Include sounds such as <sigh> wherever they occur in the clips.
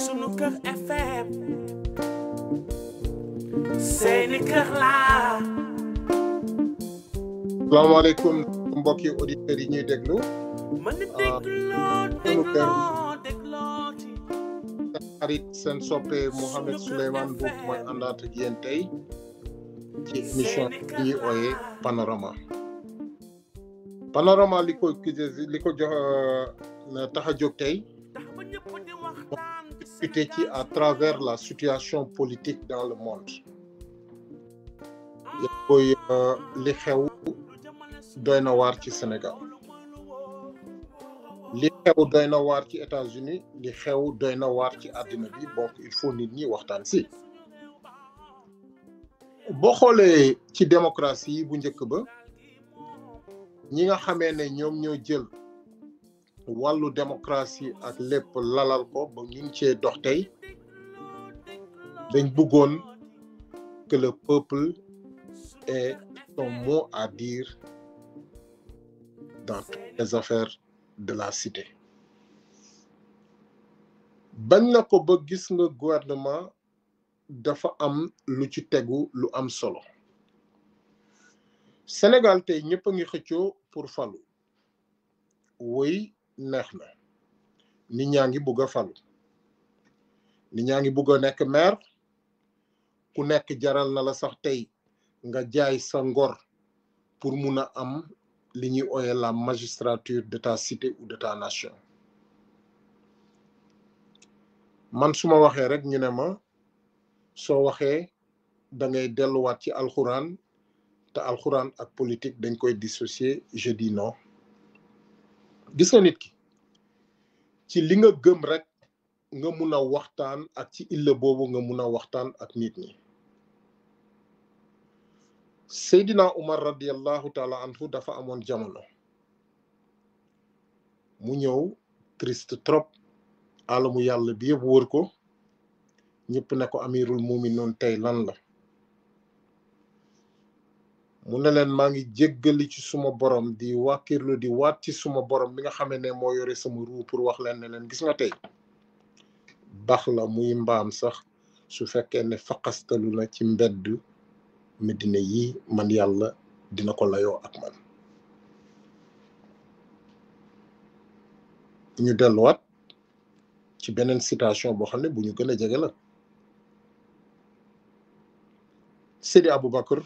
sunu kër FM mbokki auditeurs yi ñuy déglu. mën na ah, dégloo dégloo xarit seen soppe Mouhamed Souleymane Mboup mooy àndaat ak yéen ci émission bi ñuy ooyee Panorama. panorama li liko li ko jox euh, tax ci à travers la situation politique dans le monde ya koy euh, li xew doyna war ci Sénégal li xew doyna war ci États-Unis li xew doyna war ci àddina bi donc il faut nit ñi waxtan ci bo xolé ci démocratie bu njëkk ba ñi nga xamee ne ñoom ñoo jël wàllu démocratie ak lépp lalal ko ba ñun ngi cee dox tey dañ bëggoon que le peuple ait son mot à dire dans les affaires de la cité bañ la ko ba gis nga gouvernement dafa am lu ci tegu lu am solo Senegal tey ñëpp a ngi xëccoo pour Ninyangi woy neex na nit ñaa ngi bugg a falu nit ñaa maire ku nekk jaral na la sax tey nga jaay sa ngor pour mun am li ñuy oye la magistrature de ta cité ou de ta nation man suma waxee rek ñu ne ma soo waxee da ngay delluwaat ci alxuraan te alxuraan ak politique dañ koy dissocier je dis gis nga nit ki ci li nga gëm rek nga mun a waxtaan ak ci illa boobu nga mun a waxtaan ak nit ñi Seydina Umar radiallahu taala anhu dafa amoon jamono mu ñëw triste trop alamu yàlla bi yëpp wër ko ñëpp ne ko amirul muminoon tey lan la mu ne leen maa ngi jéggali ci suma boroom di wàkkirlu di waat ci suma boroom bi nga xam ne moo yore sama ruu pour wax leen ne leen gis nga tey baax la muy mbaam sax su fekkee ne faqastalu na ci mbedd medina yi man yàlla dina ko layoo ak man ñu wat ci beneen citation boo xam ne bu ñu gën a jege la Seydi Aboubacar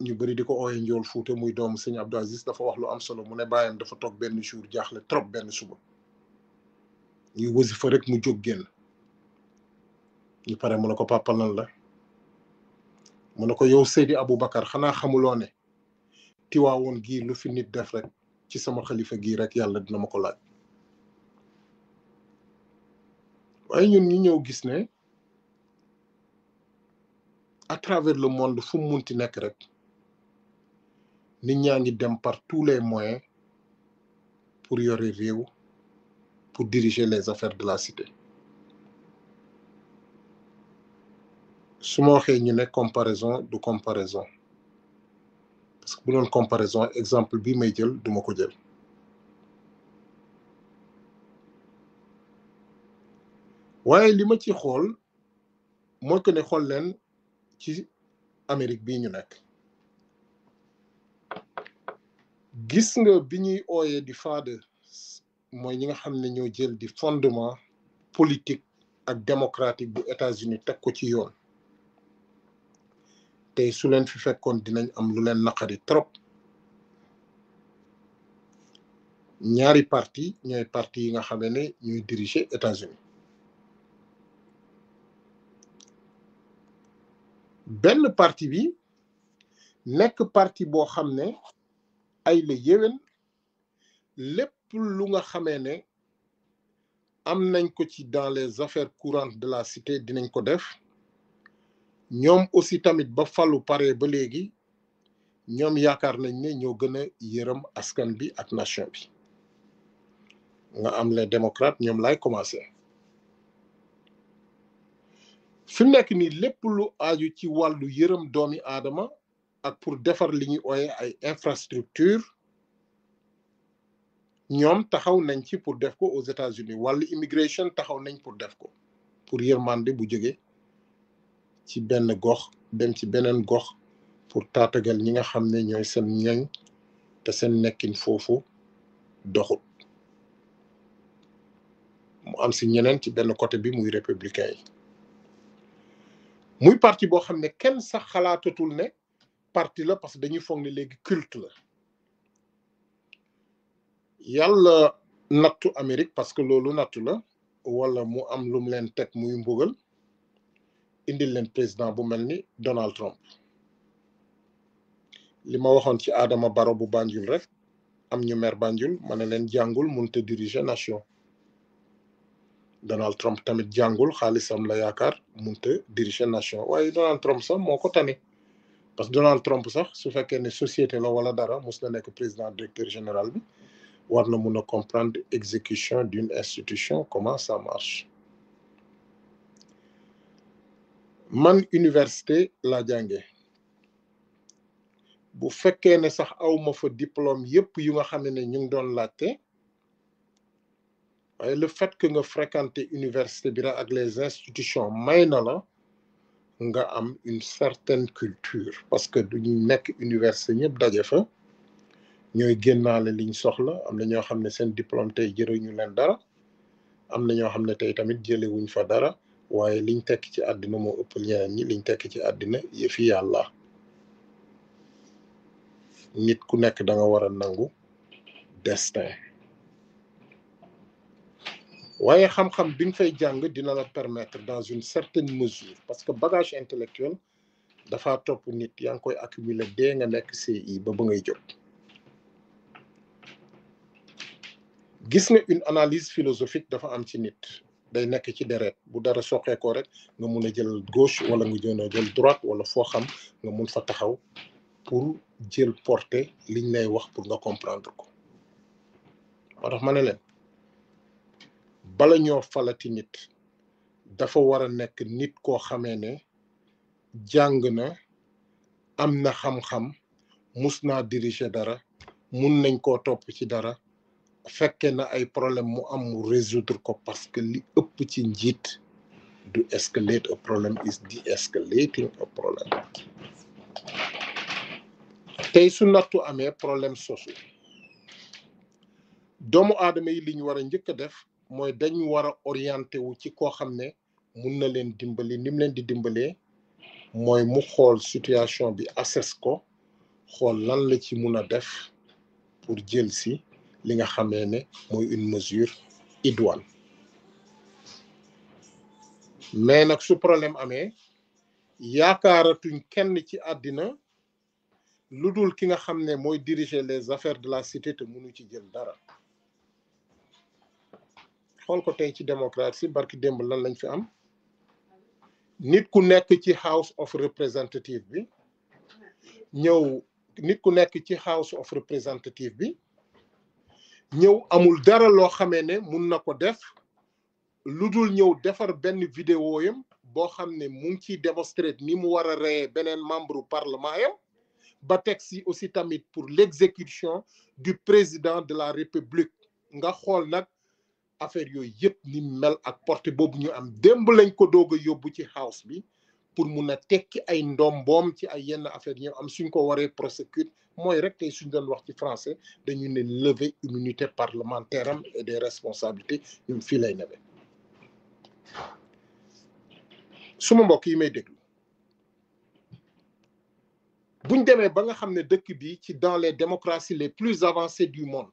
ñu bëri di ko ooyee fuute muy doomu sëñ Abdou Aziz dafa wax lu am solo mu ne bàyyam dafa toog benn jour jaaxle trop benn suba ñuy wasifa rek mu jóg génn ñu pare mu ne ko papa lan la mu na ko yow abu Aboubacar xanaa xamuloo ne tiwaawoon gii lu fi nit def rek ci sama xalifa gii rek yàlla dina ma ko laaj waaye ñun ñu ñëw gis ne à travers le monde fu mu munti nekk rek nit ñaa dem par tous les moyens pour y réew pour diriger les affaires de la cité su waxee ñu ne comparaison de comparaison parce que bu doon comparaison exemple bi may jël duma ko jël waaye li ma ci xool mooy que ne xool leen ci Amérique bii ñu gis nga bi ñuy ooyee di faadër mooy ñi nga xam ne ñoo jël di fondement politique ak démocratique bu États-Unis teg ko ci yoon tey su leen fi fekkoon dinañ am lu leen naqari trop ñaari partie ñooy partie yi nga xam ne ñooy diriger États-Unis benn parti bi nekk parti boo xam ne ay la yewen lepp lu nga xamé né dans les affaires courantes de la cité dinañ ko def ñom aussi tamit ba fallu paré ba légui ñom yaakaar nañ né ñoo gëna a askan bi ak nation bi nga am les démocrates ñom lay commencé fi nekk lu ci walu doomi ak pour defar li ñuy ay infrastructure ñoom taxaw nañ ci pour def aux États-Unis wàllu immigration taxaw nañ pour def ko pour yërmande bu ci benn gox dem ci beneen gox pour taatagal ñi nga xam ne ñooy seen te seen nekkin doxut mu am si ñeneen ci benn côté bi muy républicain muy parti boo xam kenn sax parti là parce que dañuy fogné légui léegi culte la yàlla nattu Amérique parce que lolu natou la wala mu am lum mu leen teg muy mbugal indil leen président bu melni Donald Trump lima waxone ci Adama Barrow bu Banjul rek am ñu mer Banjul mané ne leen jàngul mënut diriger nation Donald Trump tamit jangul xalisam la yaakar mënut te diriger nation waaye Donald Trump sax moko tamit parce que Donald Trump sax su fekkee ne société la wala dara mos na nekk président directeur général bi war na comprendre exécution d'une institution comment ça marche man université la jànge bu fekkee ne sax awma fa diplôme yépp yu nga xam ne ñu ngi doon le fait que nga fréquenté université bi les institutions may na nga am une certaine culture parce que duñu nekk université ñëpp daje fa ñoy génnaale liñ soxla am na ñoo xamné sen seen diplôme tey jëriñu leen dara am na ñoo xamné tay tey tamit jëlewuñ fa dara waye liñ tek ci àddina mo upp ñeneen ñi liñ tek ci àddina yëfi yàlla nit ku nek da nga wara nangu destin waye xam-xam biñ fay jang dina la permettre dans une certaine mesure parce que bagage intellectuel dafa top nit yang koy accumuler dee nga nek CI ba ba ngay jóg gis nga une analyse philosophique dafa am ci nit day nek ci deret bu dara ko rek nga mun jël gauche wala nga jën jël droite wala fo xam nga mun fa taxaw pour jël porter liñ lay wax pour nga comprendre ko moo mané ma bala ñoo falati nit dafa war a nekk nit koo xamee ne jàng na am na xam-xam mus naa diriger dara mun nañ koo topp ci dara fekkee na ay problème mu am mu résoudre ko parce que li ëpp ci njiit du escalate a problème is de-escalating a problème tey su nattu amee problème sosu doomu aadama yi li ñu war a njëkk a def mooy dañu war a orienté wu ci koo xam ne mun na leen dimbali nim leen di dimbalee mooy mu xool situation bi assess ko xool lan la ci mun a def pour jël si li nga xamee ne mooy une mesure idoine mais nag su problème amee yaakaaratuñ kenn ci àddina lu dul ki nga xam ne mooy diriger les affaires de la cité te mënu ci jël dara xool ko tey ci démocratie barki démb lan lañ fi am nit ku nekk ci house of representative bi ñëw nit ku nekk ci house of representative bi ñëw amul dara loo xamee ne mun na ko def lu defar vidéo yam boo xam ne mu ngi ni mu war a membre parlement yam ba aussi tamit pour l'exécution du président de la république nga affaire yooyu ni mel ak porter bobu ñu am demb lañ ko doga ci house bi pour mun a tekki ay ti ci ay yenn affaire ñu am suñ ko waré prosecute moy rek tay suñ doon wax ci français dañu né lever immunité parlementaire am et des responsabilités une fi lay nebe suma mbokk yi may déglu buñ demee ba nga xamné dëkk bi ci dans les démocraties les plus avancées du monde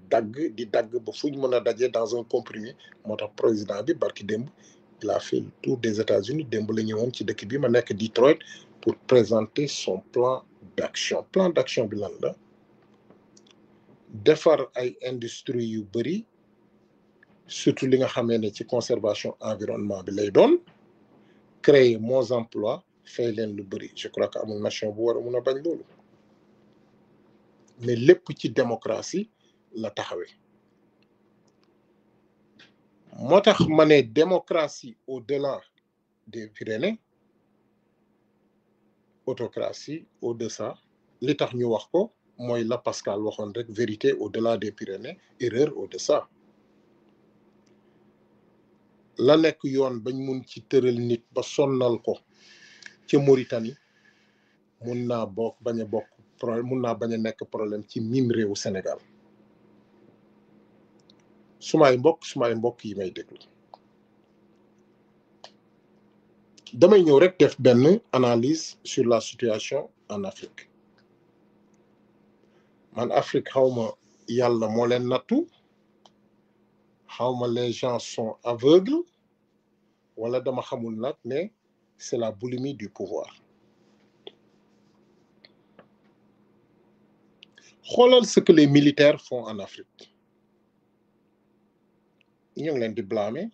dagg di dagg ba fuñ mëna dajé dans un comprimé moo président bi barki demb il a fait le tour des États-Unis demb la ñëwoon ci dëkk bi ma nekk Detroit pour présenter son plan d'action plan d'action bi lan la defar ay industrie yu bëri surtout li nga xamé né ci conservation environnement bi lay doon créer moins emploi fay len lu bëri je crois que amul nation bu war a mun bañ mais lépp ci démocratie la taxawee moo tax ma ne démocratie au-delà des Pyrénées autocratie au-deçà li tax ñu wax ko mooy la Pascal waxoon rek vérité au-delà des Pyrénées erreur au-deçà la nekk yoon bañ mun ci tëral nit ba sonnal ko ca Mauritanie mun naa bokk bañ a bokk pro mun naa bañ a nekk problème ci mim réewu Sénégal sumay mbokk sumay mbokk yi may déglu damay ñëw rek def analyse sur la situation en Afrique En Afrique xawma yàlla moo leen nattu xawma les gens sont aveugles wala dama xamul nag ne c'est la boulimie du pouvoir xoolal ce que les militaires font en Afrique ñoo ngi leen di blâmer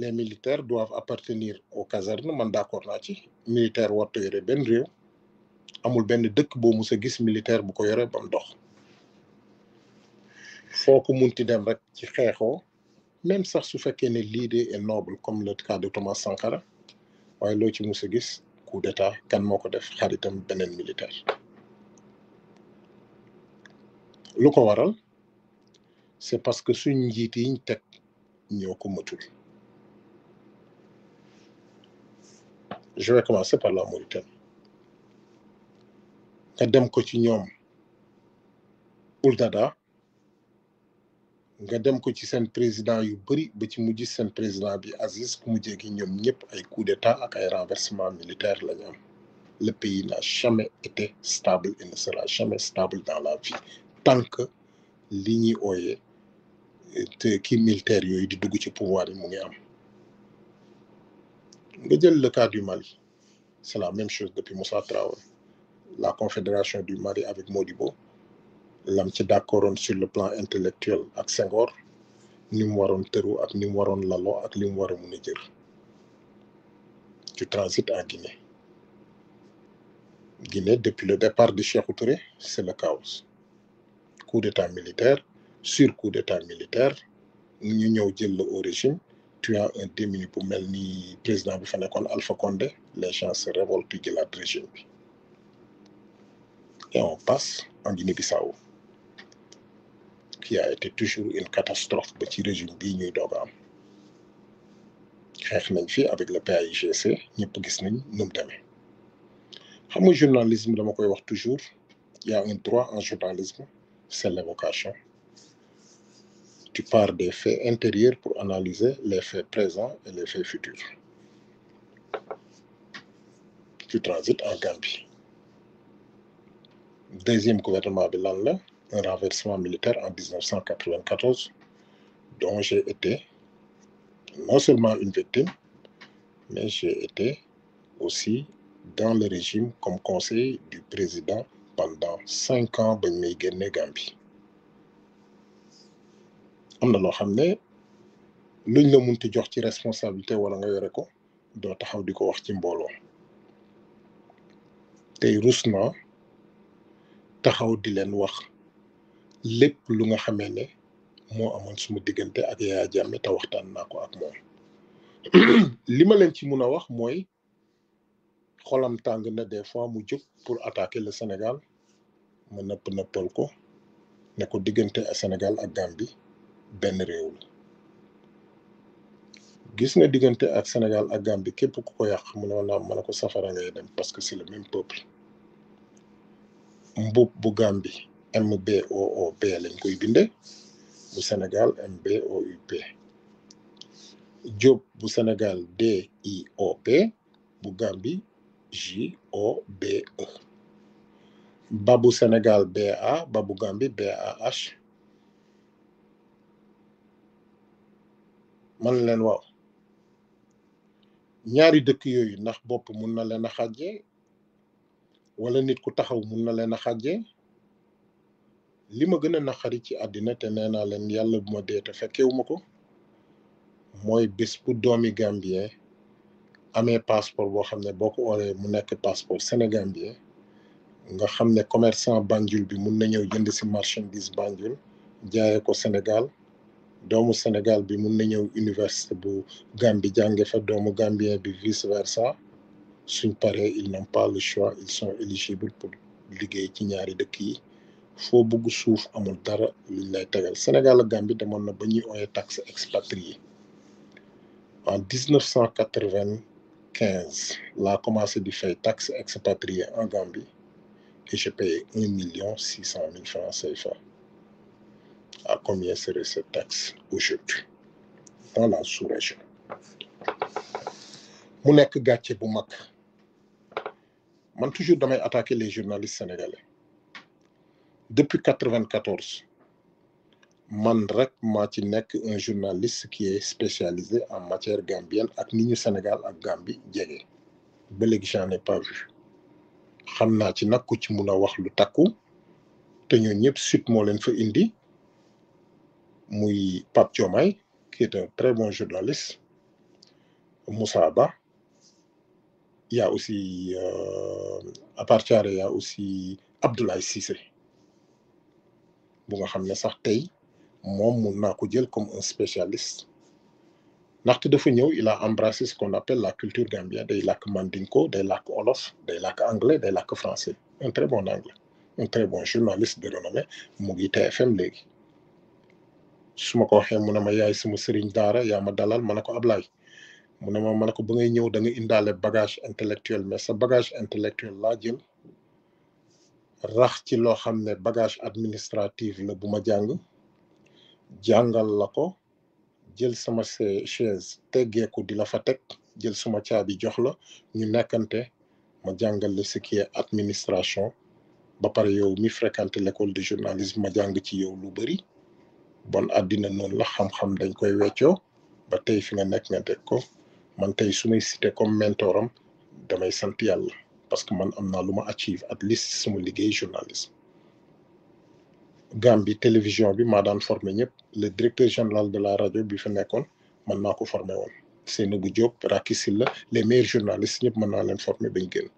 les militaires doivent appartenir aux casernes man d'accord naa ci militaire warta yore benn réew amul benn dëkk boo mus a gis militaire bu ko yore bam dox foo ko munti dem rek ci xeexoo même sax su fekkee ne l'idée est noble comme le cas de Thomas Sankara waaye loo ci mus a gis coup d'état kan moo ko def xaritam beneen militaire lu ko waral c'est parce que suñ njiit yiñ teg je vais commencer par la Mauritanie Gadem dem ko ci ñoom Ould Dada nga président yu bëri ba ci mujj président bi Aziz ku mujjee gi un coup d'état ak ay renversement militaire le pays n'a jamais été stable et ne sera jamais stable dans la vie tant que li ñuy te qui militaire yoy di dugg ci pouvoir yi mu ngi am nga le cas du Mali c'est la même chose depuis Moussa Traoré la confédération du Mali avec Modibo lam ci sur le plan intellectuel avec Senghor ni mu waroon ak ni mu waroon ak tu transites en Guinée Guinée depuis le départ de Cheikh Touré c'est le chaos coup d'état militaire sur coup d'état militaire ñu ñëw jël le au régime tuant un démini pour mel ni président bi fa nekkoon Alpha Condé les gens se révoltent jëlaat régime bi et on passe en Guinée-Bissau qui a été toujours une catastrophe ba ci régime bi ñuy doog am xeex nañ avec le PAIGC ñëpp gis nañ num mu journalisme dama koy wax toujours il y a un droit en journalisme c'est l'évocation tu pars des faits intérieurs pour analyser les faits présents et les faits futurs. Tu transites en Gambie. Deuxième gouvernement de un renversement militaire en 1994, dont j'ai été non seulement une victime, mais j'ai été aussi dans le régime comme conseiller du président pendant cinq ans de Gambie. am na loo xam ne luñ la munti jox ci responsabilité wala nga yore ko doo taxaw di ko wax ci mbooloo tey rus naa taxaw di leen wax lépp lu nga xamee ne moo amoon suma diggante ak Yaya Jammeh te waxtaan naa ko ak moom <clears throat> li ma leen ci mun a wax mooy xolam tàng na des fois mu jóg pour attaquer le Sénégal ma nëpp nëppal ko ne ko diggante Sénégal ak bi Ben réew la gis nga diggante ak Sénégal ak Gambie képp ku ko yàq mu ne naa mën ko safara ngay dem parce que c'est le même peuple mbub bu Gambie MBOOP lañ koy binde bu Sénégal O MBOUP job bu Sénégal DIOP bu Gambie JOBE Babu Sénégal B BA Babu Gambie H. man leen waaw ñaari dëkk yooyu ndax bopp mun na leen a xàjjee wala nit ku taxaw mun na leen a xàjjee li ma gën a naqari ci àddina te nee naa leen yàlla bu ma dee te ma ko mooy bu doomi gambien amee passeport boo xam ne boo ko mu nekk passeport sénégambien nga xam ne commerçant Banjul bi mun na ñëw jënd si marchandise Banjul jaayee ko Sénégal doomu Sénégal bi mun na ñëw université bu Gambie jànge fa doomu Gambien bi vice versa suñ paree ils n'ont pas le choix ils sont éligibles pour liggéey ci ñaari dëkk yi foo bëgg suuf amul dara luñ lay tegal Sénégal ak Gambie demoon na ba ñuy ooyee taxe expatrié en 1995 la commencé di fay taxe expatrié en Gambie et je paye 1 million 600 mille francs CFA à combien serait cette taxe aujourd'hui dans la sous-région Je nekk bu toujours damay attaquer les journalistes sénégalais depuis 1994 je suis un journaliste qui est spécialisé en matière gambienne avec ni Sénégal et Gambie je n'en ai pas vu je ci nag ci a wax lu takku te ñoo ñëpp sut moo leen indi Mouy Pape Diomaye, qui est un très bon journaliste, Moussa Abba. Il y a aussi, euh, à partir il y a aussi Abdoulaye Sissé. bu nga xam ne sax tey moom comme un spécialiste ndaxte de ñëw il a embrassé ce qu'on appelle la culture gambienne des lacs mandinko des lacs olof des lacs anglais des lacs français un très bon anglais un très bon journaliste de renommée mu TFM suma ko waxee mu ne ma yaay suma sëriñ daara yaa ma dalal ma ne ko Ablaay mu ne ma ma ne ko ba ngay ñëw danga indaalee indaale bagage intellectuel mais sa bagage intellectuel laa jël rax ci loo xam ne bagage administratif la bu ma jàng jàngal la ko jël sama chaise teggeeku di la fa teg jël suma caabi jox la ñu nekkante ma jàngal la ce qui est administration ba pare yow mi fréquenté l'école du journalisme ma jàng ci yow lu bëri bon àddina noonu la xam-xam dañ koy weccoo ba tey fi nga nekk na teg ko man tey su may cité comme mentoram damay sant yàlla parce que man am naa lu ma achieve at least sama liggéey journalisme Gambie télévision bi maa daan formé ñëpp le directeur général de la rajo bi fa nekkoon man naa ko formé woon Seynabou Diop Racky la les maire journalistes ñëpp mën naa leen formé bañ génn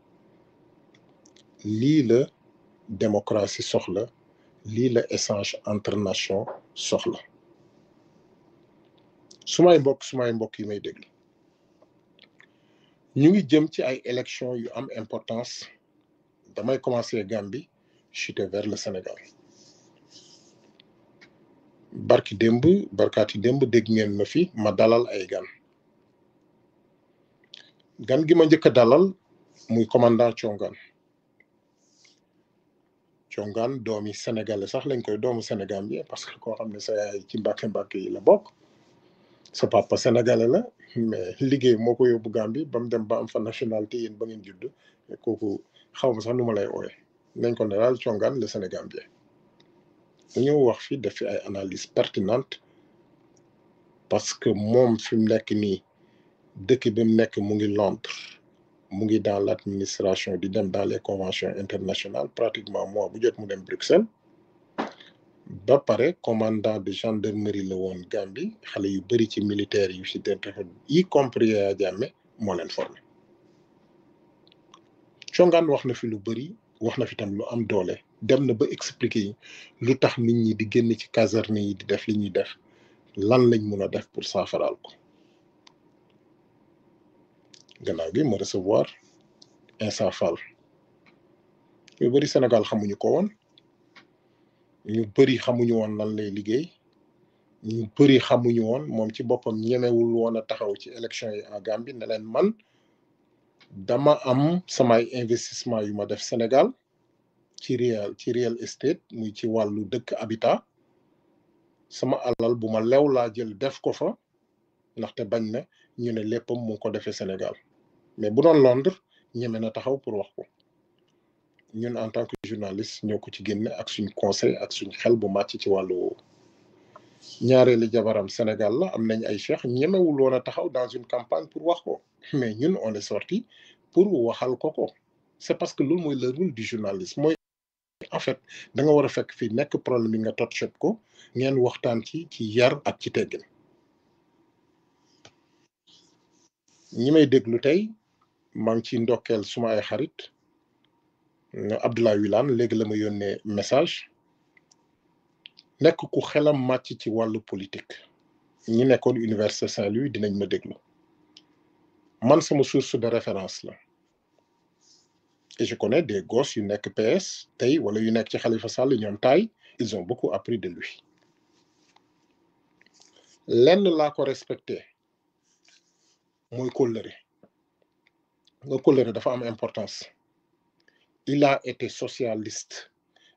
lii la démocratie soxla lii la échange entre soxla sumay mbokk sumay mbokk yi may déglu ñu ngi jëm ci ay élections yu am importance damay commencer Gambie chuter vers le Sénégal barki démb barkaati démb dégg ngeen ma fi ma dalal ay gan gan gi ma njëkk a dalal muy commandant Thiongane congaan domi Sénégal sax lañ koy doomu Sénégal bi parce que ko xamné sa yaay ci mbàkke mbàkke yi la bokk sa papa sénégalais la mais liggéey moko ko Gambie bam dem ba am fa nationalité yéen ba ngeen judd koku xawma sax numa lay ooye nañ ko ne daal congaan le bi dañoo wax fi def fi ay analyse pertinente parce que mom fi nek ni nii dëkk bi mu nekk mu ngi Londres mungi dans l'administration dans les conventions internationales pratiquement moi bu jot Bruxelles ba commandant de gendarmerie le Gambie yu ci militaire, compris wax na fi lu wax na fi tam am dem na ba expliquer tax nit ñi di caserne yi di def li def pour gannaaw gi ma recevoir Insa Fall ñu bëri Sénégal xamuñu ko woon ñu bëri xamuñu woon lan lay liggéey ñu bëri xamuñu woon moom ci boppam ñemewul woon a taxaw ci élection yi en Gambie ne leen man dama am samay investissement yu ma def Sénégal ci real ci real estate muy ci wàllu dëkk habitat sama alal bu ma lew laa jël def ko fa ndaxte bañ na ñu ne léppam mu ko defee Sénégal mais bu doon Londres ñeme na taxaw pour wax ko ñun en tant que journaliste ñoo ko ci génne ak suñ conseil ak suñ xel bu màcc ci wàllu ñaareeli jabaram Sénégal la am nañ ay cheikh ñemewul woon a taxaw dans une campagne pour wax ko mais ñun on est sorti pour waxal ko ko c' est parce que loolu mooy le rôle du journaliste mooy en fait da nga war a fekk fii nekk problème bi nga tot ko ngeen waxtaan ci ci yar ak ci teggin ñi may déglu tey maa ngi ciy ndokkeel suma ay xarit Abdoulaye Wilane léegi la ma yónnee message nekk ku xelam màcc ci wàllu politique ñi nekkoon Université Saint-Louis dinañ ma déglu man sama source de référence la et je connais des gosses yu nekk PS tey wala yu nekk ci Khalifa Sall ñoom taay ils ont beaucoup appris de lui lenn laa ko respecté mooy kóllëre le colère dafa am importance il a été socialiste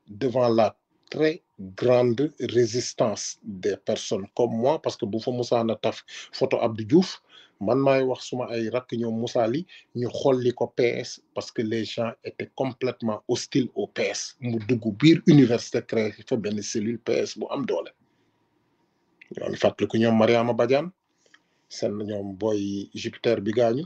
devant la très grande résistance des personnes comme moi parce que bu moussa na taf photo Abdou Diouf man may wax suma ay rak ñom Moussa li ñu xolli ko PS parce que les gens étaient complètement hostiles au PS mu dugg biir université créé fa ben cellule PS bu am doole ñoo ngi fàttaliku Mariama Badiane sen ñom Boy Jupiter bi gaañu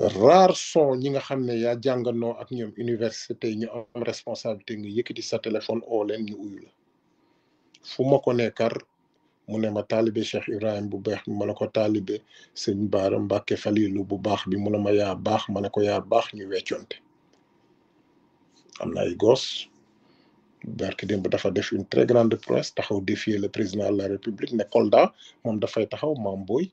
rares sont ñi nga xamné ya jangano ak ñom université ñu am responsabilité nga yëkkati sa téléphone oo leen ñu uyu la fu ma ko nekkar mu ne ma talibé Cheikh Ibrahim bu bex bi ma ne ko talibé sëñ Baara Mbàkke Falilu bu bax bi mu ne ma ya bax ma ko ya bax ñu wéccionté am na ay gos barki démb dafa def une très grande presse taxaw défier le président de la république ne Kolda mom da fay taxaw Mame Boye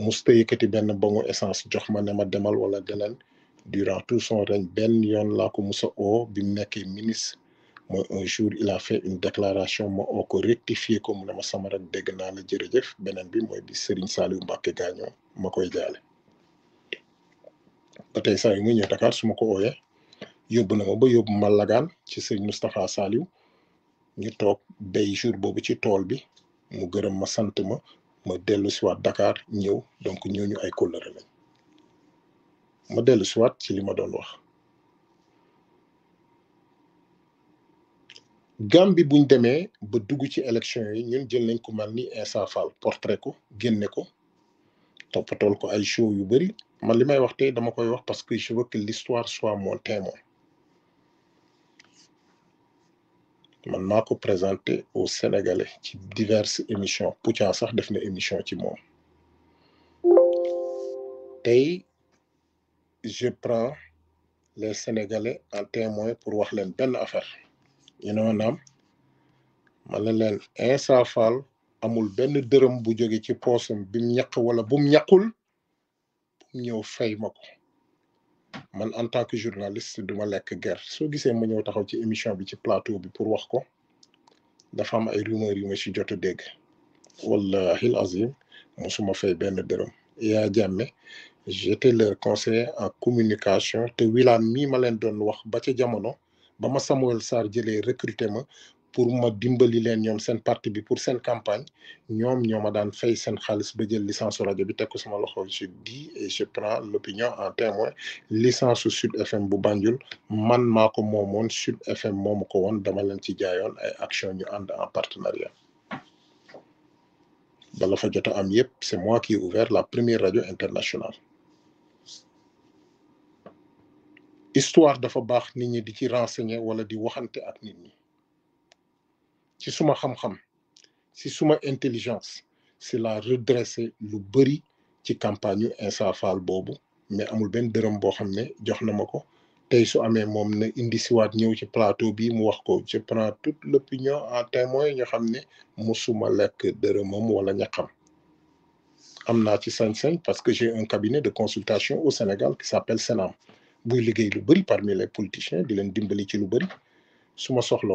musta yëkkati benn bangu essence jox ma ne ma demal wala deneen durant tout son règne benn yoon laa ko musa oo bi mu nekkee ministre mooy un jour il a fait une déclaration ma oo ko rectifié ko mu ne ma sama rek dégg naa la jërëjëf beneen bi mooy bi Serigne Saliou Mbacké gaañoo ma koy jaale ba tey saa yu muy ñëw Dakar su ma ko ooyee yóbbu na ma ba yóbbu ma lagaan ci Serigne Moustapha Saliou ñu toog béy jour boobu ci tool bi mu gërëm ma sant ma ma dellu siwaat dakaar ñëw donc ñooñu ay kóllëre lañ ma dellu siwaat ci li ma doon wax Gambie buñ demee ba dugg ci élection yi ñun jël nañ ko man ni Insa Fall portrait ko génne ko toppatool ko ay show yu bari man li may wax tey dama koy wax parce que je veux que l'histoire soit mon témoin man naa ko au Sénégalais ci diverses émissions Kouthia sax def na émission ci moom tey je prends les Sénégalais en témoin pour wax leen benn affaire you know naam ma ne leen Insa amul benn dërëm bu jóge ci poosam bi mu ñàkk wala bu mu ñàkkul bu mu ñëw fay ma ko man en tant que journaliste duma lekk guerre soo gisee ma ñëw taxaw ci émission bi ci plateau bi pour wax ko dafa am ay rumeur yu ma ci jot a dégg wallahi azim mosuma fay benn dërëm yaa jàmme j'étais leur conseiller en communication te wilaan mii ma leen doon wax ba ca jamono ba ma Samuel sar jëlee recruté ma pour ma dimbali len ñom sen parti bi pour sen campagne ñom ñoma daan fay sen xaliss ba jël licence radio bi teg sama loxo je dis et je prends l'opinion en témoin licence Sud FM bu Banjul man mako momon Sud FM moomu ko woon dama len ci jaayoon ay action ñu ànd en partenariat bala fa jotta am yépp c'est moi qui ai ouvert la première radio internationale histoire dafa bax nit ñi di ci renseigner wala di waxante ak nit ñi ci suma xam-xam ci suma intelligence C'est la redresser lu bëri ci campagne insafal bobu mais amul ben deureum bo xam ne jox na ma ko su amé mom na indi wat ñew ci plateau bi mu wax ko je prends toute l'opinion en témoin ñu xam ne musuma lekk dërëmam wala ñaqam am naa ci sen sen parce que j'ai un cabinet de consultation au Sénégal qui s'appelle Senam buy liggéey lu bëri parmi les politiciens di leen dimbali ci lu bëri suma ma soxla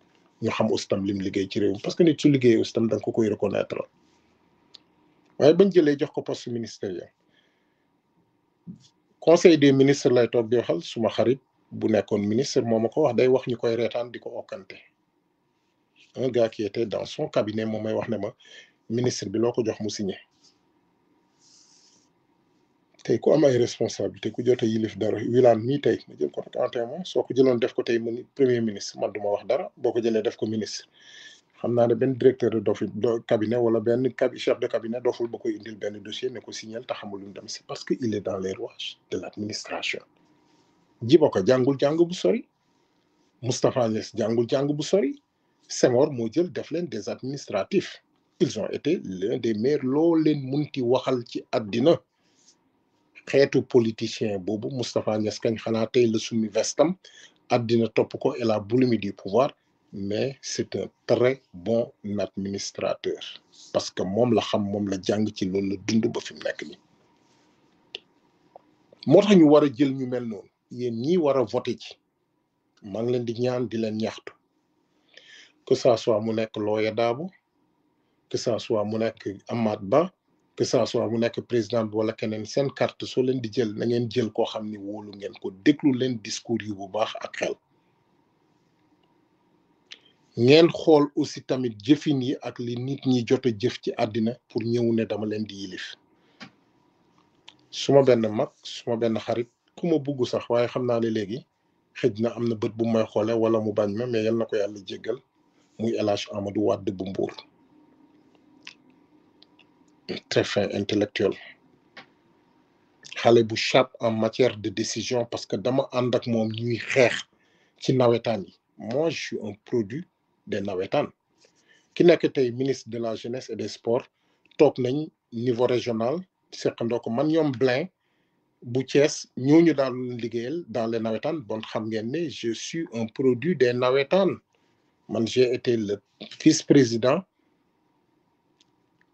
ñu xam ustam lim liggéey ci réew parce que nit su liggéey ustam da nga ko koy reconnaître waaye bañ jëlee jox ko post poste ministériel conseil des ministre lay toog di waxal suma xarit bu nekkoon ministre moom ma ko wax day wax ñu koy reetaan di ko okkante un gars qui était dans son cabinet moom may wax ne ma ministre bi loo ko jox mu signé C'est quoi am responsabilité yilif dara ma jël ko def ko premier ministre man duma wax dara ministre directeur de cabinet wala chef de cabinet doful bako indil dossier né ko signal parce que est dans les rouages de l'administration, ji Django, bu sori Moustapha bu sori des administratifs ils ont été l'un des meilleurs lo munti waxal ci xeetu politicien boobu Moustapha Niass kañ xanaa tey la summi vestam àddina topp ko et la boulimie du pouvoir mais c'est un très bon administrateur parce que moom la xam moom la jàng ci loolu la dund ba fi mu nekk nii moo tax ñu war a jël ñu mel noonu yéen ñii war a voté ci maa ngi leen di ñaan di leen ñaxtu que ça soit mu nekk Looya que ça soit mu nekk Amath Ba que ça soit mu nekk président bi wala keneen seen kart soo leen di jël na ngeen jël ko xam ni wóolu ngeen ko déglu leen discours yi bu baax ak xel ngeen xool aussi tamit jëfin yi ak li nit ñi jot a jëf ci àddina pour ñëw ne dama leen di yilif suma benn mag suma benn xarit ku ma bugg sax waaye xam naa ne léegi xëj na am na bët bu may xoole wala mu bañ ma mais yal na ko yàlla jéggal muy El Hadj Amadou Wade bu Mbour très fin intellectuel xale bu sharp en matière de décision parce que dama and ak mom ñuy xex ci nawetaan yi moi je suis un produit des nawetaan ki nek tay ministre de la jeunesse et des sports top nañ niveau régional seqandoo ko man ñom Blain, bu Thiès ñooñu daal liggéeyal dans les nawetaan bon xam ngeen ne je suis un produit des nawetaan man j'ai été le vice-président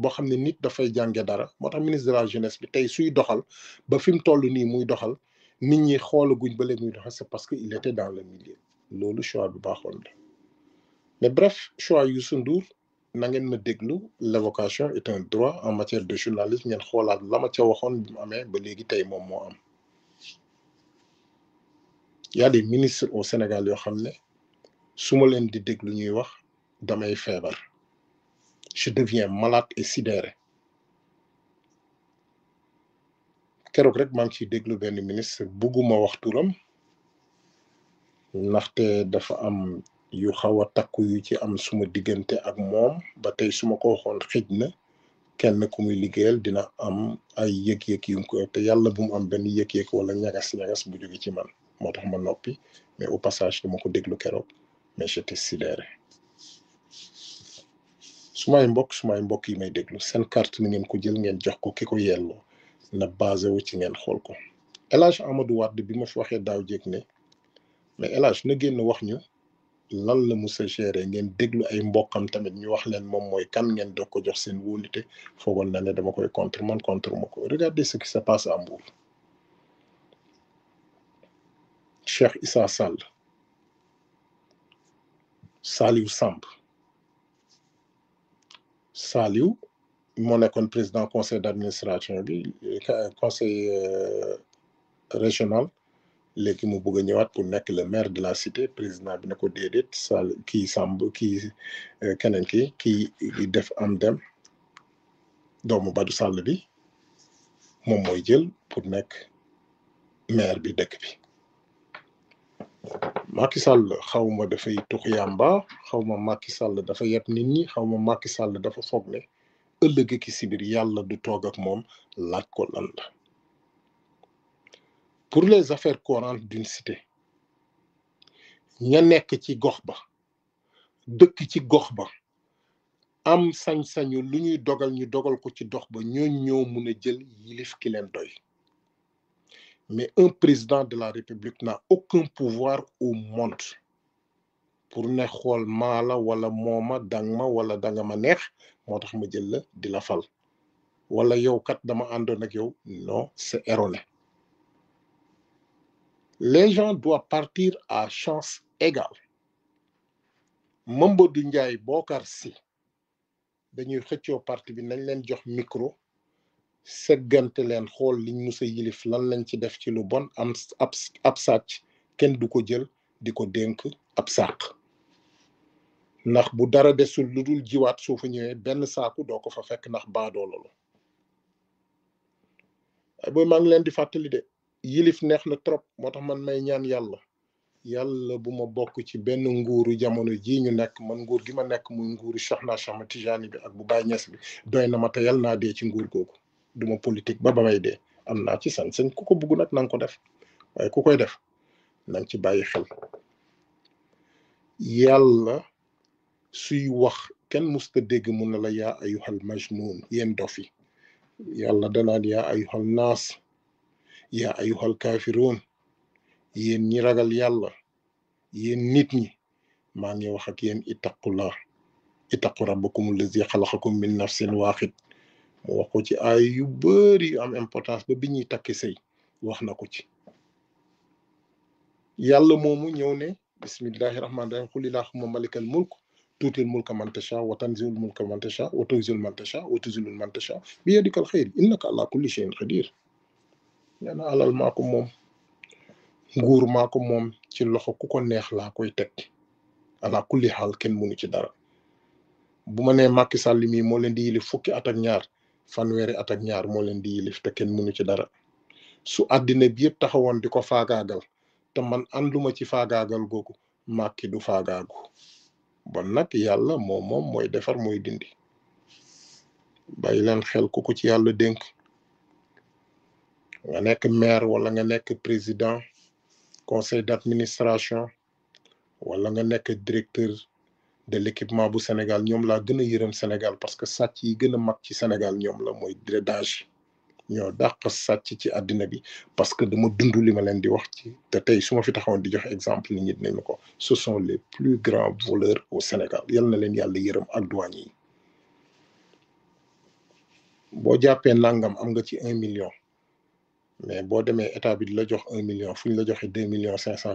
boo xam ne nit dafay jànge dara moo tax ministre de la jeunesse bi tey suy doxal ba fi mu toll nii muy doxal nit ñi xoolaguñ ba léegi muy doxal c'est parce que il était dans le milieu loolu choix bu baaxoon la mais bref choix yu Ndour na ngeen ma déglu la vocation est un droit en matière de journalisme ngeen xoolaat lama ma ca waxoon bi mu amee ba léegi tey moom moo am y ministre au Sénégal yoo xam ne suma leen di déglu ñuy wax damay feebar je deviens malade et sidéré kérok rek maa ngi ciy déglu benn ministre bugguma wax turam ndaxte dafa am yu xaw a takku yu ci am suma diggante ak moom ba tey su ma ko waxoon xëj na kenn ku muy liggéeyal dina am ay yëg-yëg yu ko te yàlla bu mu am benn yëg-yëg wala ñagas-ñagas bu jóge ci man moo tax ma noppi mais au passage dama ko déglu keroog mais j'étais sidéré su may mbokk may mbokk yi may déglu seen carte ni ngeen ko jël ngeen jox ko ki ko yelloo na basé ci ngeen xool ko El Hadj Amadou Wade bi ma fi waxee daaw jéeg ne mais El Hadj na génn wax ñu lan la mos a géré ngeen déglu ay mbokkam tamit ñu wax leen moom mooy kan ngeen doog ko jox seen wóolite foogoon na ne dama koy contre man contre ma ko regardez ce qui se passe à Mbour Cheikh Issa Sall Saliou Samb Saliou mon école président conseil d'administration, administration conseil euh, régional léegi mu bëgg ñëwaat pour nekk le maire de la cité président de ne ko déedéet Sall kii Samb qui euh, keneen ki kii def am dem mon Badu Sall bi moom jël pour nekk maire bi dëkk bi. Macky Sall xaw ma dafay tux yàmba xaw ma Macky Sall dafa yeb nit ñi xaw ma Macky Sall dafa foog ne ëllëg ki sibir yàlla du toog ak moom laaj ko lan la pour les affaires courantes d'une cité ña nekk ci gox ba dëkk ci gox ba am sañ-sañu lu ñuy dogal ñu dogal ko ci dox ba ñooñ ñoo mun a jël yilif ki leen doy Mais un président de la République n'a aucun pouvoir au monde. pour ne xool mala wala moma dangma wala dangama ne neex pas ma jël la dila la fal wala yow kat dama àndoon ak yow non c'est erroné les gens doivent partir à chance égale Ndiaye si dañuy xëccio parti bi nañ leen jox micro sëggante leen xool liñ musa yilif lan lañ ci def ci lu bon am ab ab sàcc kenn du ko jël di ko dénk ab sàq ndax bu dara desul lu dul jiwaat soo fa ñëwee benn saaku doo ko fa fekk ndax baadoo loolu booy maa leen di fàttali de yilif neex na trop moo tax man may ñaan yàlla yàlla bu ma bokk ci benn nguuru jamono jii ñu nekk man nguur gi ma nekk muy nguuru Cheikh na Cheikh Tijani bi ak bu Baye Niass bi doy na ma te yàlla naa dee ci nguur googu duma politique ba bamay dé amna ci sañ-sañ kuko ko nak nang ko def way kuko def nang ci bàyyi xel yàlla suy wax ken musta dégg mu ne la ya ayuhal majnun yen dofi yàlla dalaan ya ayuhal nas ya ayuhal kafirun yen ñi ragal yàlla yen nit ñi ma ngi wax ak yen ittaqullah ittaqu rabbakum allazi khalaqakum min nafsin waxid mu wax ko ci ay yu beuri am importance ba biñuy takki sëy wax na ko ci yàlla momu ñëw ne bismillahir rahmanir rahim qul la ilaha malikal mulk tuuti al mulka man tasha wa tanzilul al mulka man tasha wa tuzilul man tasha wa tuzilul man tasha bi yadikal khair innaka ala kulli shay'in qadir yana alal mako mom nguur mako mom ci loxo ku ko neex la koy tek ala kulli hal ken munu ci dara buma ne nee Macky Sall mii moo leen di yili fukki at ak ñaar fanweeri at ak ñaar moo leen di yilif te kenn mënu ci dara su àddina bi yëpp taxawoon di ko faagaagal te man ànduma ci faagaagal googu màkki du faagaagu bon nag yàlla moom moom mooy defar mooy dindi bàyyi lan xel ku ko ci yàlla dénk nga nekk maire wala nga nekk président conseil d'administration wala nga nekk directeur de l'équipement au Sénégal ñom la gëna yërem Sénégal parce que le yi gëna a mag ci Sénégal ñom la moy dredage ñoo ci bi parce que dama leen di wax ci te tay suma fi exemple nit ko ce sont les plus grands voleurs au Sénégal yalla na leen yalla yërem ak douane yi nangam am un million mais si vous état bi la un million fuñ la deux millions cinq cent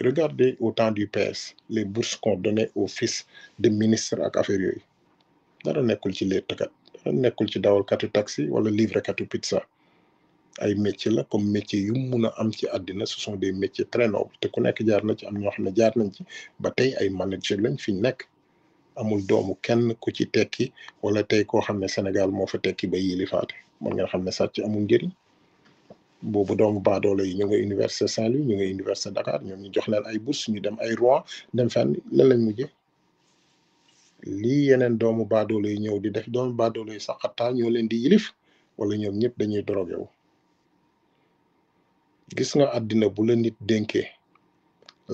Regardez au temps du PS, les bourses qu'on donnait aux fils de ministres ak affaire yooyu dara nekkul ci lettkat dara taxi ci dawalkatu taxi wala livrekatu pizza ay métier là comme métier yu mun a am ci Adina, ce sont des métiers très nobles te connais nekk jaar na ci am ñoo xam ne jaar nañ ci ba tey ay manager lañ fi nekk amul doomu kenn ku ci tekki wala tey koo xam ne Sénégal moo fa tekki ba yilifaate mën nga xam ne sàcc amul njëriñ boobu doomu baadoola yi ñu nga université saint louis ñu nga université dakar ñoom ñu jox leen ay bus ñu dem ay roi dem fenn lan lañ mujjee lii yeneen doomu baadoola yi ñëw di def doomu baadoola yi sax xattaa ñoo leen di yilif wala ñoom ñëpp dañuy drogé wu gis nga àddina bu la nit dénkee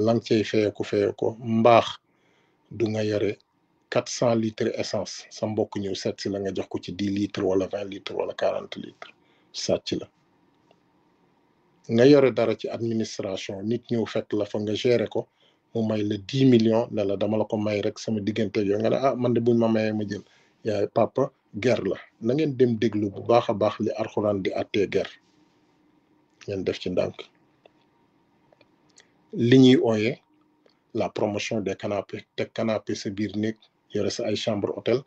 lang cey feyeku feyeku mbaax du nga yore 400 litres essence sa mbokk ñëw set si la nga jox ko ci 10 litres wala 20 litres wala 40 litres sàcc la nga yore dara ci administration nit la fa nga gérer ko mu dix millions la dama la ko may rek ah man de ma ma papa guerre la na ngeen dem bu li di def ci la promotion des canapés te canapés sa biir nek yore sa chambre hôtel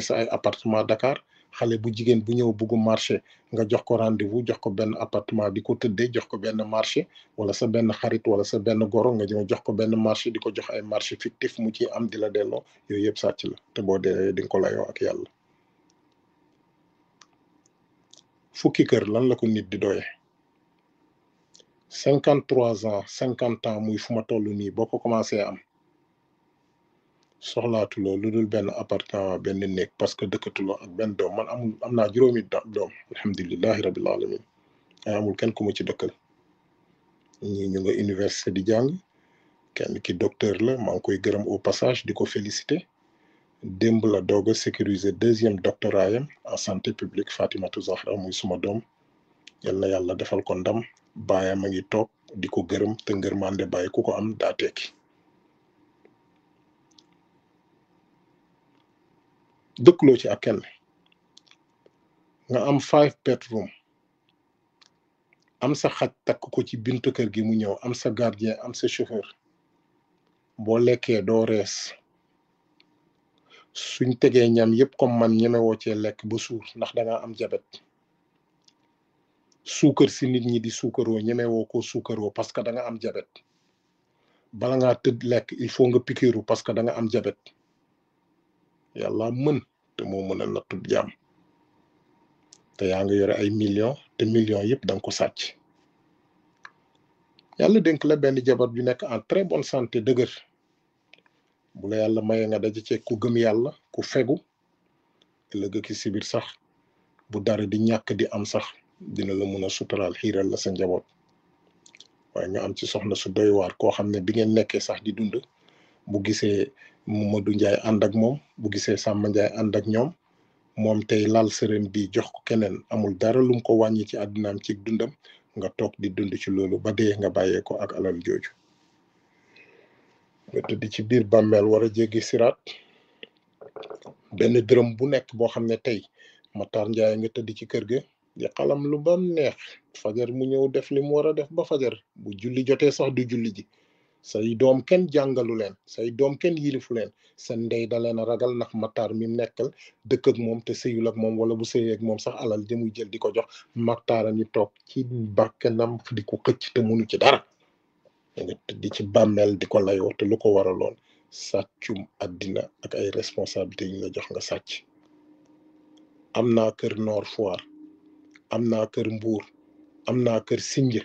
sa appartement Dakar xale bu jigéen bu ñëw bëggu marché nga jox ko rendez-vous jox ko benn appartement di ko jox ko benn marché wala sa benn xarit wala sa benn goro nga jox ko marché jox marché fictif mu ci am di la delloo yooyu yëpp la te boo dee di nga ko layoo ak yàlla ans 50 ans muy fu ma toll nii commencé soxlaatuloo lu dul benn appartement benn néeg parce que dëkkatuloo ak benn doom man amul am naa juróomi doom alhamdulilahi rabil alamin ay amul kenn ku ma ci dëkkal ñi ñu nga université di jàng kenn ki docteur la maa ngi koy gërëm au passage di ko félicité démb la doog a sécuriser deuxième doctorat yam en santé publique Fatimatu Zahra muy suma doom yal na yàlla defal ko ndam baayam a ngi toog di ko gërëm te ngërmande bàyyi ku ko am daa dëkkuloo ci ak kenn nga am five bedroom am sa xaj takk ko ci bintu kër gi mu ñëw am sa gardien am sa chauffeur boo lekkee doo rees suñ tegee ñam yëpp comme man ñemewoo cee lekk ba suur ndax dangaa am jabet suukar si nit ñi di suukaroo ñemewoo ko suukaroo parce que da nga am jabet bala ngaa tëdd lekk il faut nga pikiru parce que da nga am jabet yalla mën te mo mëna la lottub jam te ya nga yoré ay million te million yépp dang ko sacc yalla denk la ben jabar bi nek en très bonne santé deuguer bu la yalla maye nga daje ci ku gëm yalla ku fegu ëllëg ki sax bu dara di ñak di am sax dina la mëna sutural suturaal la sa njaboot way nga am ci soxna su doy waar ko xamne bi ngeen nekké sax di dund bu gisé Mamadou ndjay and ak mom bu gisee Samba ndjay and ak ñoom moom tey lal sërëm bi jox ko keneen amul dara lu mu ko wàññi ci àddinaam ci dundam nga toog di dund ci loolu ba dee nga bàyyee ko ak alal jooju nga tuddi ci biir bàmmeel war a jéggi siraat benn dërëm bu nekk boo xam ne tey tar Ndiaye nga tëdd ci kër ga di xalam lu ba neex fajar mu ñëw def li mu war def ba fajar bu julli jotee sax du julli ji say doom kenn jàngalu leen say doom kenn yilifu leen seen ndey da leen a ragal ndax mattaar mi nekkal dëkk ak moom te sëyul ak moom wala bu sëyee ak moom sax alal ja muy jël di ko jox mattaara ñu toog ci bakkanam di ko xëcc te ci dara di ci bàmmeel di ko layoo te lu ko waraloon sàccum àddina ak ay responsabilité yi nga jox nga sàcc am naa kër noor Foire am naa kër Mbour am na kër Sindia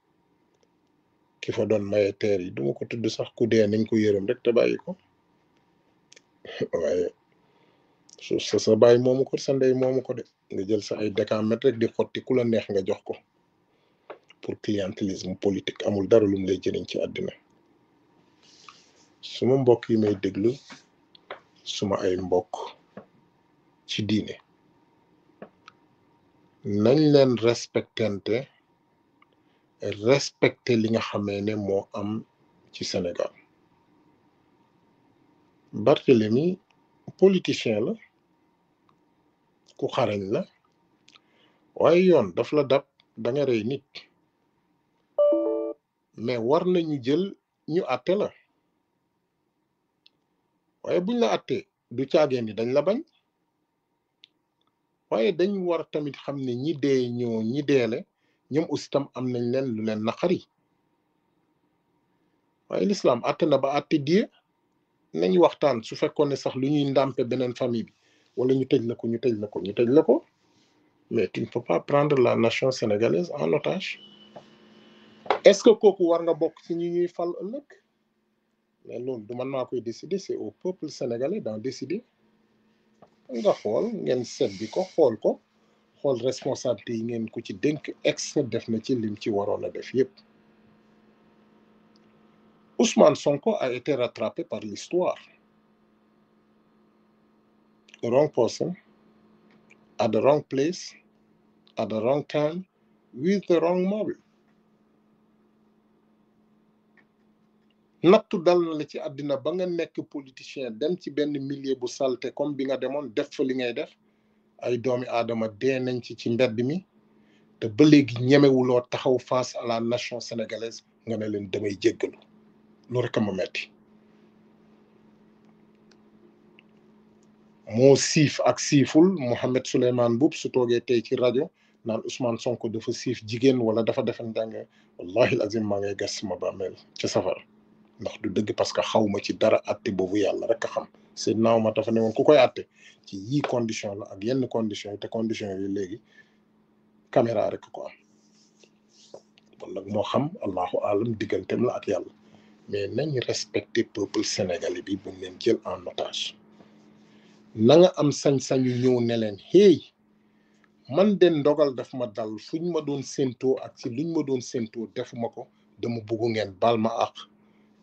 ki fa doon maye teer yi duma ko tudd sax ku dee nañ ko yërëm rek te bàyyi ko <laughs> waaye suuf sa sa bàyyi moomu ko sa ndey moomu ko de nga jël sa ay décamètre rek di xotti ku la neex nga jox ko pour clientélisme politique amul dara lum lay jëriñ ci àddina suma mbokk yi may déglu suma ay mbok ci diine nañ leen respectante respecter li nga xamee ne moo am ci Sénégal Barthélemy politicien la ku xarañ la waaye yoon daf la dab da nga rey nit mais war nañu jël ñu àtte la waaye buñ la àttee du caageen ni dañ la bañ waaye dañ war tamit xam ne ñi dee ñoo ñi deele ñoom aussi tam am nañ leen lu leen naqari waaye lislaam àtte na ba àtte die nañ waxtaan su fekkoon ne sax lu ñuy ndàmpe beneen famille bi wala ñu tëj la ko ñu tëj la ko ñu tëj la ko mais tu ne peux pas prendre la nation sénégalaise en otage est-ce que kooku war nga bokk ci ñi ñuy fal ëllëg mais loolu du man maa koy décider c'est au peuple sénégalais d'en décider nga xool ngeen seet bi ko xool ko xool responsabilité yi ngeen ko ci dénk ex def na ci lim ci waroon a def yépp Ousmane Sonko a été rattrapé par l'histoire the wrong person at the wrong place at the wrong time with the wrong mobile nattu dal na la ci àddina ba nga nekk politicien dem ci benn milieu bu salté comme bi nga demoon def fa li ngay def ay doomi aadama dee nañ ci ci mbedd mi te ba léegi ñemewuloo taxaw face à la nation sénégalaise nga ne leen damay jéggalu loolu rek a ma metti moo siif ak siiful Mouhamed Souleymane Boub su toogee tey ci rajo naan Ousmane Sonko dafa siif jigéen wala dafa defen danga wallahi alazim maa ngay gas sama bàmmeel ca safara ndax du dëgg parce que xaw ma ci dara atte boobu yàlla rek a xam Seydina Omar dafa ne woon ku koy atte ci yii condition la ak yenn condition te condition yi léegi caméra rek ko am kon nag moo xam allahu alam digganteem la at yàlla mais nañ respecter peuple sénégalais bi bu leen jël en otage na nga am sañ-sañu ñëw ne leen hey man den ndogal def ma dal fuñ ma doon séentoo ak ci luñ ma doon séentoo defuma ko dama bugg ngeen bal ma àq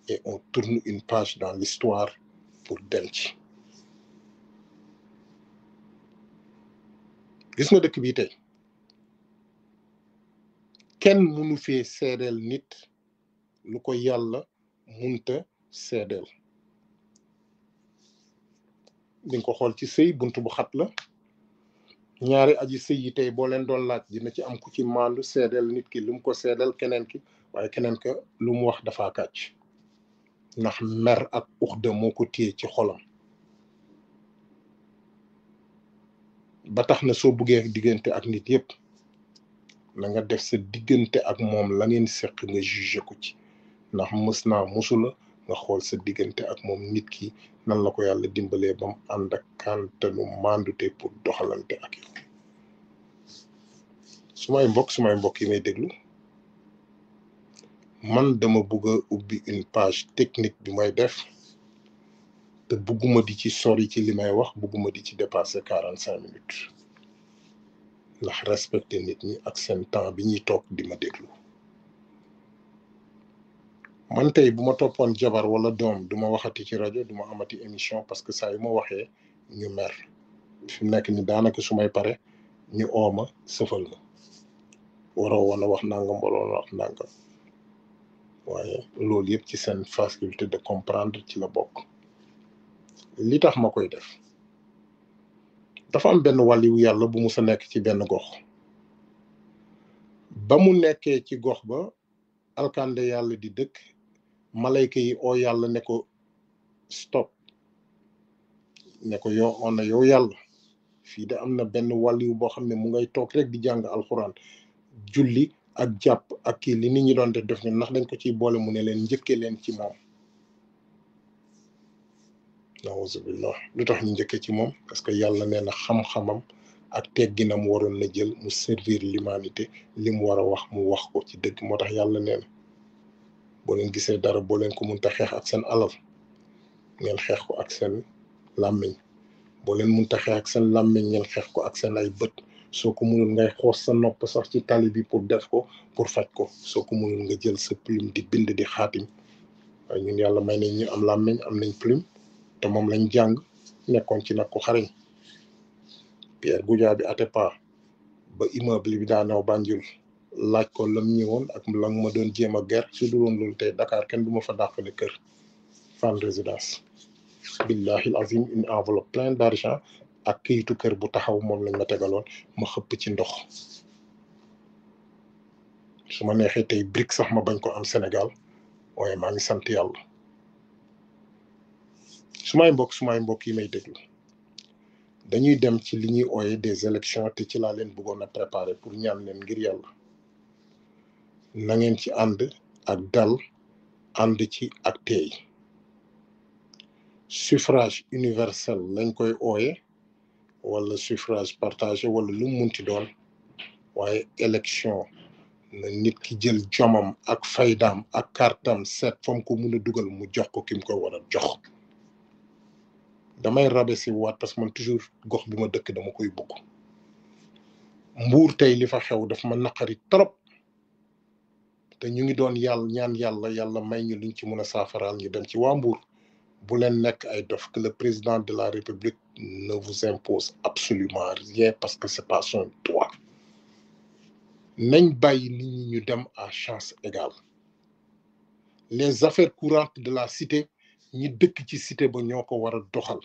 et on tourne une page dans l'histoire pour dem ci gis nga dëkk bii tey kenn mënu fee seedeel nit lu ko yàlla munta seedeel di nga ko xool ci sëy bunt bu xat la ñaari aji sëy yi tey boo leen doon laaj dina ci am ku ci mandu seedeel nit ki lu mu ko seedeel keneen ki waaye keneen ka lu mu wax dafa kàcc ndax mer ak uxda moo ko téye ci xolam ba tax na soo buggee diggante ak nit yépp la nga def sa diggante ak moom la ngeen seq nga juge ko ci ndax mës naa musula nga xool sa diggante ak moom nit ki nan la ko yàlla dimbalee ba mu ànd ak kàntanu mandute pour doxalante ak yow sumay mbokk sumay mbokk yi may déglu man dama bëgg a ubbi une page technique bi may def te bëgguma di ci sori ci li may wax bëgguma di ci dépasser quarante cinq minutes ndax respecter nit ñi ak seen temps bi ñuy toog di ma déglu man tey bu ma toppoon jabar wala doom du ma waxati ci rajo du ma amati émission parce que saa yu ma waxee ñu mer fi mu nekk ni daanaka sumay pare ñu ooma sëfal ma waroo woon a wax nangam wala wax nangam. waaye loolu yëpp ci seen facilité de comprendre ci la bokk li tax ma koy def dafa am benn wàlliw yàlla bu musa nekk ci benn gox ba mu nekkee ci gox ba alkande yàlla di dëkk malayka yi oo yàlla ne ko stop ne ko yoo on na yow yàlla fii de am na benn wàlliw boo xam ne mu ngay toog rek di jàng alxuraan julli ak jàpp ak kii li nit ñi doon def def ñun ndax dañ ko ciy boole mu ne leen njëkkee leen ci moom naousubillah lu tax ñu njëkkee ci moom parce que yàlla nee na xam-xamam ak tegginam waroon na jël mu servir l'humanité li mu war a wax mu wax ko ci dëgg moo tax yàlla nee na boo leen gisee dara boo leen ko munta xeex ak seen alal ngeen xeex ko ak seen làmmiñ boo mun ta xeex ak seen làmmiñ ngeen xeex ko ak seen ay bët so ko mënul ngay xoos sa nopp sax ci tali bi pour def ko pour faj ko soo ko mënul nga jël sa plume di bind di xaatim waaye ñun yàlla may nañ ñu am làmmiñ am nañ plume te moom lañ jàng nekkoon ci nag ko xarañ Pierre Goudiaby Atépa ba immeuble bi daanaw Banjul laaj ko lam ñëwoon ak la ma doon jéem a ger su dul woon loolu tey Dakar kenn du ma fa dàqale kër Fann Résidence billahi azim une enveloppe pleine d'argent ak këyitu kër bu taxaw moom lañ ma tegaloon ma xëpp ci ndox su ma neexee tey brique sax ma bañ ko am Sénégal waaye maa ngi sant yàlla su may mbokk su may mbokk yi may déglu dañuy dem ci li ñuy ooye des élections te ci laa leen bëggoon a préparer pour ñaan leen ngir yàlla na ngeen ci ànd ak dal ànd ci ak tey suffrage universel lañ koy ooye wala suffrage partagé wala lu mu munti doon waaye élection na nit ki jël jomam ak faydaam ak kartam set fam ko mun a dugal mu jox ko kim ko koy war a jox damay rabe si waat parce que man toujours gox bi ma dëkk dama koy bugg mbuur tey li fa xew daf ma naqari trop te ñu ngi doon yàlla ñaan yàlla yàlla may ñu luñ ci mun a saafaraal ñu dem ci waa mbuur bu leen nekk ay dof que le président de la république ne vous impose absolument rien parce que c'est pas droit nañ bàyyi nit ñu dem à chance égale les affaires courantes de la cité ñi dëkk ci cité ba ñoo ko war a doxal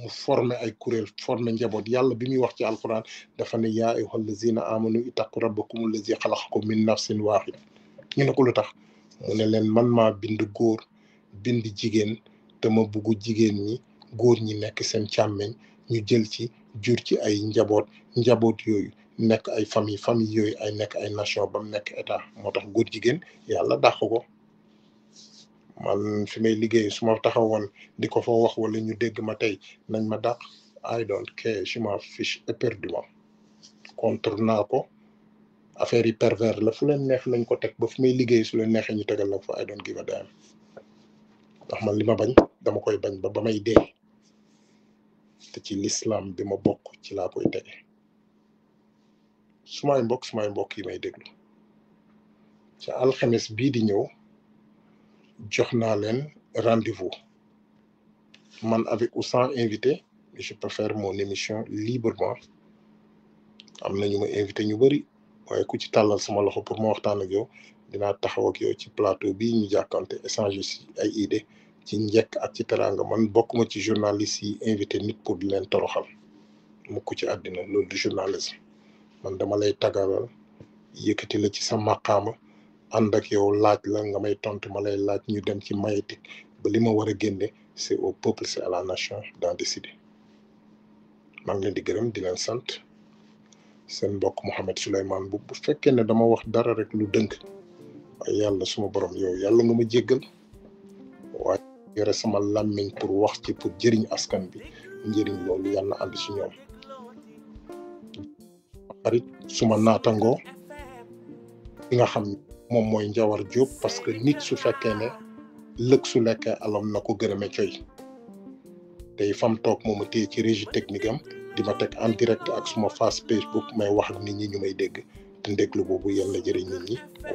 mu formé ay kuréel formé njaboot yàlla bi muy wax ci alquran dafa ne yaa ayyuhal lazina amanu itaqu rabbakum allazi ko min nafsin waxida ñu ne ko lu tax mu ne leen man maa bind góor bind jigéen te ma bugg jigéen ñi góor ñi nekk seen càmmeñ ñu jël ci jur ci ay njaboot njaboot yooyu nekk ay famille famille yooyu ay nekk ay nation bam nekk état moo tax góor jigéen yàlla dàq ko man fi may liggéey su ma taxawoon di ko fa wax wala ñu dégg ma tey nañ ma dàq I don't care je m'en fiche contre naa ko affaire yi pervers la fu leen neex nañ ko teg ba fu may liggéey su leen neexee ñu tegal la fa I don't give a damn ndax man li ma bañ dama koy bañ ba ba may dee te ci l'islam bi ma bokk ci laa koy tege sumay mbokk sumay mbokk yi may déglu ca alxames bii di ñëw jox naa leen rendez-vous man avec ou sans invité je peux faire mon émission librement am na ñu ma invité ñu bari waaye ku ci tàllal sama loxo pour ma waxtaan ak yow dinaa taxaw ak yow ci plateau bi ñu jàkkante échanger si ay idée ci njëkk ak ci teraanga man bokkuma ci journaliste yi invité nit pour di leen toroxal mukk ci addina loolu du journalisme man dama lay tagaral yëkkati la ci sa maqaama ànd ak yow laaj la nga may tont ma lay laaj ñu dem ci mayetik ba li ma war a génne c'est au peuple c'est à la nation d'en décider maa ngi leen di gërëm di sant seen mbokk Mouhamed Souleymane bu bu fekkee ne dama wax dara rek lu dënk waaye yàlla suma borom yow yàlla nga ma jéggal waaye sama làmmiñ pour wax ci pour jëriñ askan bi njëriñ loolu yàlla na ànd si ñoom xarit suma naatangoo ki nga xam moom mooy njawar Diop parce que nit su fekkee ne lëg su lekkee alam na ko gërëme coy tey fam toog moom mooma téye ci régie technique am di ma teg en direct ak suma face Facebook may wax ak nit ñi ñu may dégg te ndéglu boobu yéen la jëriñ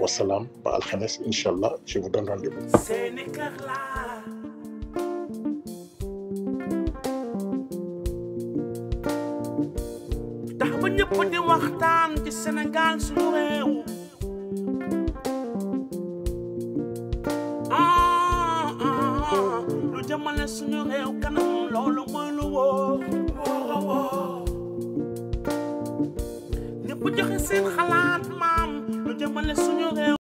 wasalaam ba alxames incha allah je vous donne rendez-vous ñëpp di waxtaan ci Sénégal suñu réew ah, ah ah lu jëmale suñu réew kanam loolu mooy lu wóor joxe seen xalaat maam lu jëmale suñu réew